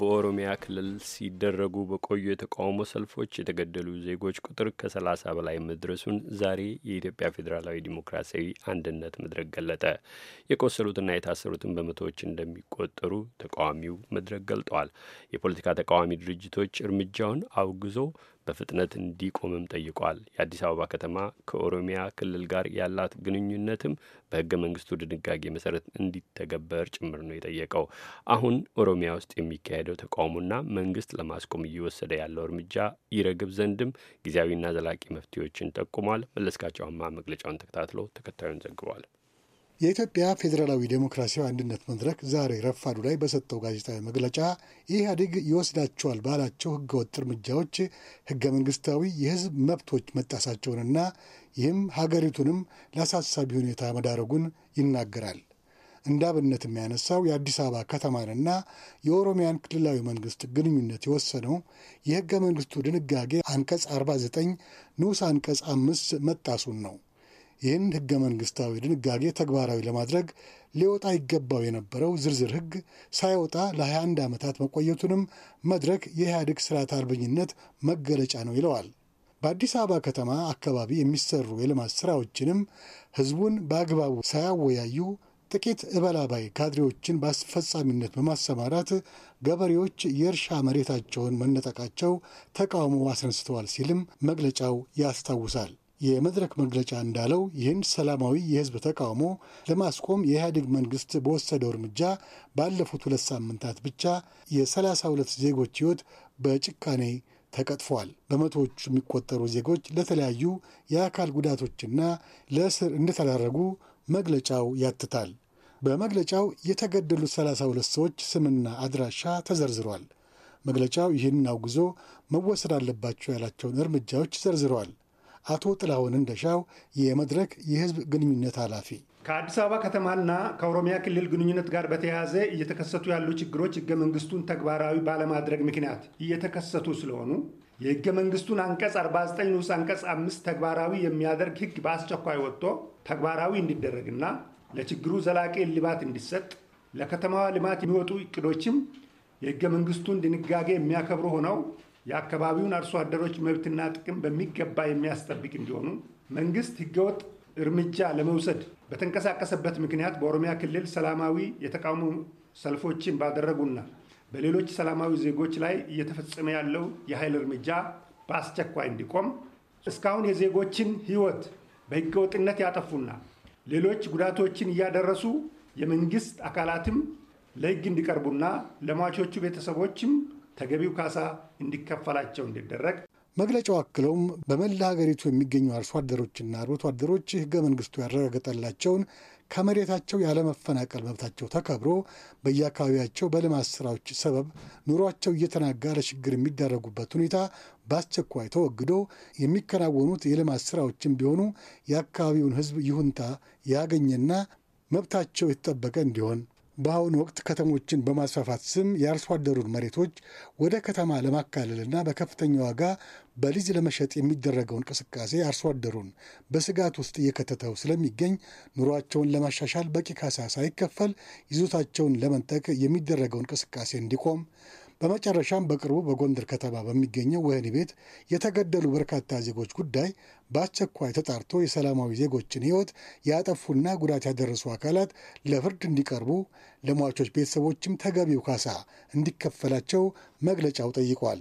በኦሮሚያ ክልል ሲደረጉ በቆዩ የተቃውሞ ሰልፎች የተገደሉ ዜጎች ቁጥር ከ30 በላይ መድረሱን ዛሬ የኢትዮጵያ ፌዴራላዊ ዲሞክራሲያዊ አንድነት መድረክ ገለጠ። የቆሰሉትና የታሰሩትን በመቶዎች እንደሚቆጠሩ ተቃዋሚው መድረክ ገልጠዋል። የፖለቲካ ተቃዋሚ ድርጅቶች እርምጃውን አውግዞ በፍጥነት እንዲቆምም ጠይቋል። የአዲስ አበባ ከተማ ከኦሮሚያ ክልል ጋር ያላት ግንኙነትም በህገ መንግስቱ ድንጋጌ መሰረት እንዲተገበር ጭምር ነው የጠየቀው። አሁን ኦሮሚያ ውስጥ የሚካሄደው ተቃውሞና መንግስት ለማስቆም እየወሰደ ያለው እርምጃ ይረግብ ዘንድም ጊዜያዊና ዘላቂ መፍትሄዎችን ጠቁሟል። መለስካቸውማ መግለጫውን ተከታትሎ ተከታዩን ዘግቧል። የኢትዮጵያ ፌዴራላዊ ዴሞክራሲያዊ አንድነት መድረክ ዛሬ ረፋዱ ላይ በሰጠው ጋዜጣዊ መግለጫ ኢህአዴግ ይወስዳቸዋል ባላቸው ህገወጥ እርምጃዎች ህገ መንግስታዊ የህዝብ መብቶች መጣሳቸውንና ይህም ሀገሪቱንም ለአሳሳቢ ሁኔታ መዳረጉን ይናገራል። እንደ አብነት የሚያነሳው የአዲስ አበባ ከተማንና የኦሮሚያን ክልላዊ መንግስት ግንኙነት የወሰነው የህገ መንግስቱ ድንጋጌ አንቀጽ 49 ንዑስ አንቀጽ አምስት መጣሱን ነው። ይህን ህገ መንግስታዊ ድንጋጌ ተግባራዊ ለማድረግ ሊወጣ ይገባው የነበረው ዝርዝር ህግ ሳይወጣ ለ21 ዓመታት መቆየቱንም መድረክ የኢህአዴግ ስርዓት አልበኝነት መገለጫ ነው ይለዋል። በአዲስ አበባ ከተማ አካባቢ የሚሰሩ የልማት ስራዎችንም ህዝቡን በአግባቡ ሳያወያዩ ጥቂት እበላባይ ካድሬዎችን በአስፈጻሚነት በማሰማራት ገበሬዎች የእርሻ መሬታቸውን መነጠቃቸው ተቃውሞ አስነስተዋል ሲልም መግለጫው ያስታውሳል። የመድረክ መግለጫ እንዳለው ይህን ሰላማዊ የህዝብ ተቃውሞ ለማስቆም የኢህአዴግ መንግስት በወሰደው እርምጃ ባለፉት ሁለት ሳምንታት ብቻ የሰላሳ ሁለት ዜጎች ህይወት በጭካኔ ተቀጥፏል። በመቶዎቹ የሚቆጠሩ ዜጎች ለተለያዩ የአካል ጉዳቶችና ለእስር እንደተዳረጉ መግለጫው ያትታል። በመግለጫው የተገደሉት 32 ሰዎች ስምና አድራሻ ተዘርዝሯል። መግለጫው ይህን አውግዞ መወሰድ አለባቸው ያላቸውን እርምጃዎች ዘርዝረዋል። አቶ ጥላሁን እንደሻው የመድረክ የህዝብ ግንኙነት ኃላፊ ከአዲስ አበባ ከተማና ከኦሮሚያ ክልል ግንኙነት ጋር በተያያዘ እየተከሰቱ ያሉ ችግሮች ህገ መንግስቱን ተግባራዊ ባለማድረግ ምክንያት እየተከሰቱ ስለሆኑ የህገ መንግስቱን አንቀጽ 49 ንዑስ አንቀጽ አምስት ተግባራዊ የሚያደርግ ህግ በአስቸኳይ ወጥቶ ተግባራዊ እንዲደረግና ለችግሩ ዘላቂ እልባት እንዲሰጥ ለከተማዋ ልማት የሚወጡ እቅዶችም የህገ መንግስቱን ድንጋጌ የሚያከብሩ ሆነው የአካባቢውን አርሶ አደሮች መብትና ጥቅም በሚገባ የሚያስጠብቅ እንዲሆኑ መንግስት ህገወጥ እርምጃ ለመውሰድ በተንቀሳቀሰበት ምክንያት በኦሮሚያ ክልል ሰላማዊ የተቃውሞ ሰልፎችን ባደረጉና በሌሎች ሰላማዊ ዜጎች ላይ እየተፈጸመ ያለው የኃይል እርምጃ በአስቸኳይ እንዲቆም፣ እስካሁን የዜጎችን ህይወት በህገወጥነት ያጠፉና ሌሎች ጉዳቶችን እያደረሱ የመንግስት አካላትም ለህግ እንዲቀርቡና ለሟቾቹ ቤተሰቦችም ተገቢው ካሳ እንዲከፈላቸው እንዲደረግ መግለጫው አክለውም በመላ ሀገሪቱ የሚገኙ አርሶ አደሮችና አርብቶ አደሮች ህገ መንግስቱ ያረጋገጠላቸውን ከመሬታቸው ያለመፈናቀል መብታቸው ተከብሮ በየአካባቢያቸው በልማት ስራዎች ሰበብ ኑሯቸው እየተናጋ ለችግር የሚዳረጉበት ሁኔታ በአስቸኳይ ተወግዶ የሚከናወኑት የልማት ስራዎችን ቢሆኑ የአካባቢውን ህዝብ ይሁንታ ያገኘና መብታቸው የተጠበቀ እንዲሆን በአሁኑ ወቅት ከተሞችን በማስፋፋት ስም የአርሶ አደሩን መሬቶች ወደ ከተማ ለማካለልና በከፍተኛ ዋጋ በሊዝ ለመሸጥ የሚደረገው እንቅስቃሴ አርሶ አደሩን በስጋት ውስጥ እየከተተው ስለሚገኝ ኑሯቸውን ለማሻሻል በቂ ካሳ ሳይከፈል ይዞታቸውን ለመንጠቅ የሚደረገው እንቅስቃሴ እንዲቆም በመጨረሻም በቅርቡ በጎንደር ከተማ በሚገኘው ወህኒ ቤት የተገደሉ በርካታ ዜጎች ጉዳይ በአስቸኳይ ተጣርቶ የሰላማዊ ዜጎችን ሕይወት ያጠፉና ጉዳት ያደረሱ አካላት ለፍርድ እንዲቀርቡ፣ ለሟቾች ቤተሰቦችም ተገቢው ካሳ እንዲከፈላቸው መግለጫው ጠይቋል።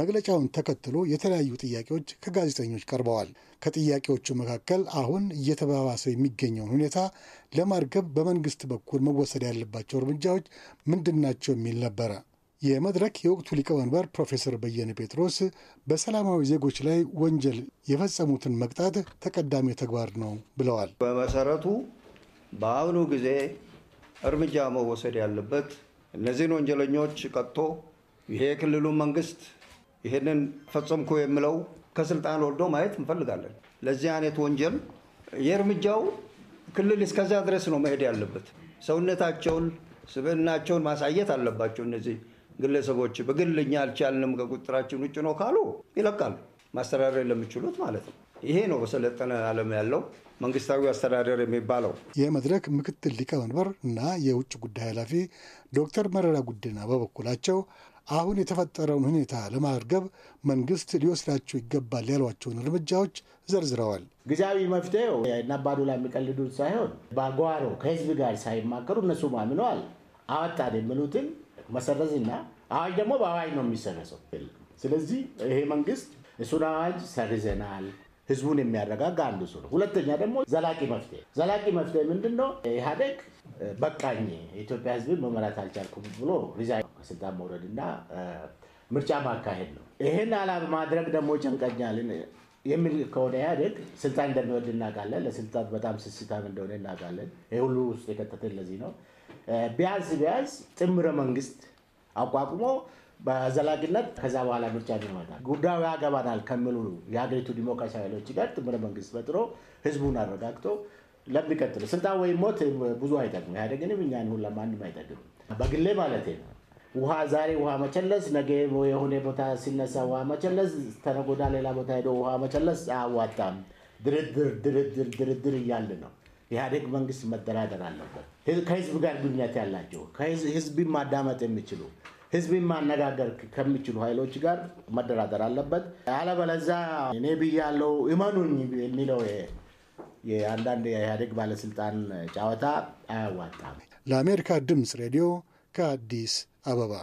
መግለጫውን ተከትሎ የተለያዩ ጥያቄዎች ከጋዜጠኞች ቀርበዋል። ከጥያቄዎቹ መካከል አሁን እየተባባሰ የሚገኘውን ሁኔታ ለማርገብ በመንግስት በኩል መወሰድ ያለባቸው እርምጃዎች ምንድናቸው? የሚል ነበረ። የመድረክ የወቅቱ ሊቀመንበር ፕሮፌሰር በየነ ጴጥሮስ በሰላማዊ ዜጎች ላይ ወንጀል የፈጸሙትን መቅጣት ተቀዳሚ ተግባር ነው ብለዋል። በመሰረቱ በአሁኑ ጊዜ እርምጃ መወሰድ ያለበት እነዚህን ወንጀለኞች ቀጥቶ ይሄ የክልሉ መንግስት ይህንን ፈጸምኩ የምለው ከስልጣን ወርዶ ማየት እንፈልጋለን። ለዚህ አይነት ወንጀል የእርምጃው ክልል እስከዛ ድረስ ነው መሄድ ያለበት። ሰውነታቸውን ስብዕናቸውን ማሳየት አለባቸው እነዚህ ግለሰቦች በግልኛ አልቻልንም ከቁጥጥራችን ውጭ ነው ካሉ ይለቃሉ። ማስተዳደር ለሚችሉት ማለት ነው። ይሄ ነው በሰለጠነ ዓለም ያለው መንግስታዊ አስተዳደር የሚባለው። የመድረክ ምክትል ሊቀመንበር እና የውጭ ጉዳይ ኃላፊ ዶክተር መረራ ጉዲና በበኩላቸው አሁን የተፈጠረውን ሁኔታ ለማርገብ መንግስት ሊወስዳቸው ይገባል ያሏቸውን እርምጃዎች ዘርዝረዋል። ጊዜያዊ መፍትሄው ነባዱላ የሚቀልዱት ሳይሆን በጓሮ ከህዝብ ጋር ሳይማከሩ እነሱ ማምነዋል አወጣን የሚሉትን መሰረዝ እና አዋጅ ደግሞ በአዋጅ ነው የሚሰረዘው። ስለዚህ ይሄ መንግስት እሱን አዋጅ ሰርዘናል፣ ህዝቡን የሚያረጋጋ አንዱ እሱ ነው። ሁለተኛ ደግሞ ዘላቂ መፍትሄ ዘላቂ መፍትሄ ምንድን ነው? ኢህአዴግ በቃኝ የኢትዮጵያ ህዝብ መመራት አልቻልኩም ብሎ ሪዛ ከስልጣን መውረድ እና ምርጫ ማካሄድ ነው። ይህን አላ ማድረግ ደግሞ ጨንቀኛል የሚል ከሆነ ኢህአዴግ ስልጣን እንደሚወድ እናውቃለን። ለስልጣን በጣም ስስታም እንደሆነ እናውቃለን። ይህ ሁሉ ውስጥ የከተትን ለዚህ ነው ቢያንስ ቢያንስ ጥምረ መንግስት አቋቁሞ በዘላቂነት ከዛ በኋላ ምርጫ ይመጣል ጉዳዩ ያገባናል ከሚሉ የሀገሪቱ ዲሞክራሲያዊ ኃይሎች ጋር ጥምረ መንግስት ፈጥሮ ህዝቡን አረጋግቶ ለሚቀጥሉ ስልጣን ወይም ሞት ብዙ አይጠቅም። ኢህአዴግንም እኛን ሁላ ማንም አይጠቅም። በግሌ ማለት ነው። ውሃ ዛሬ ውሃ መቸለስ፣ ነገ የሆነ ቦታ ሲነሳ ውሃ መቸለስ፣ ተነጎዳ ሌላ ቦታ ሄዶ ውሃ መቸለስ አያዋጣም። ድርድር ድርድር ድርድር እያልን ነው የኢህአዴግ መንግስት መደራደር አለበት። ከህዝብ ጋር ግንኙነት ያላቸው ህዝብን ማዳመጥ የሚችሉ ህዝብን ማነጋገር ከሚችሉ ኃይሎች ጋር መደራደር አለበት። አለበለዛ እኔ ብያለው እመኑኝ የሚለው የአንዳንድ የኢህአዴግ ባለስልጣን ጨዋታ አያዋጣም። ለአሜሪካ ድምፅ ሬዲዮ ከአዲስ አበባ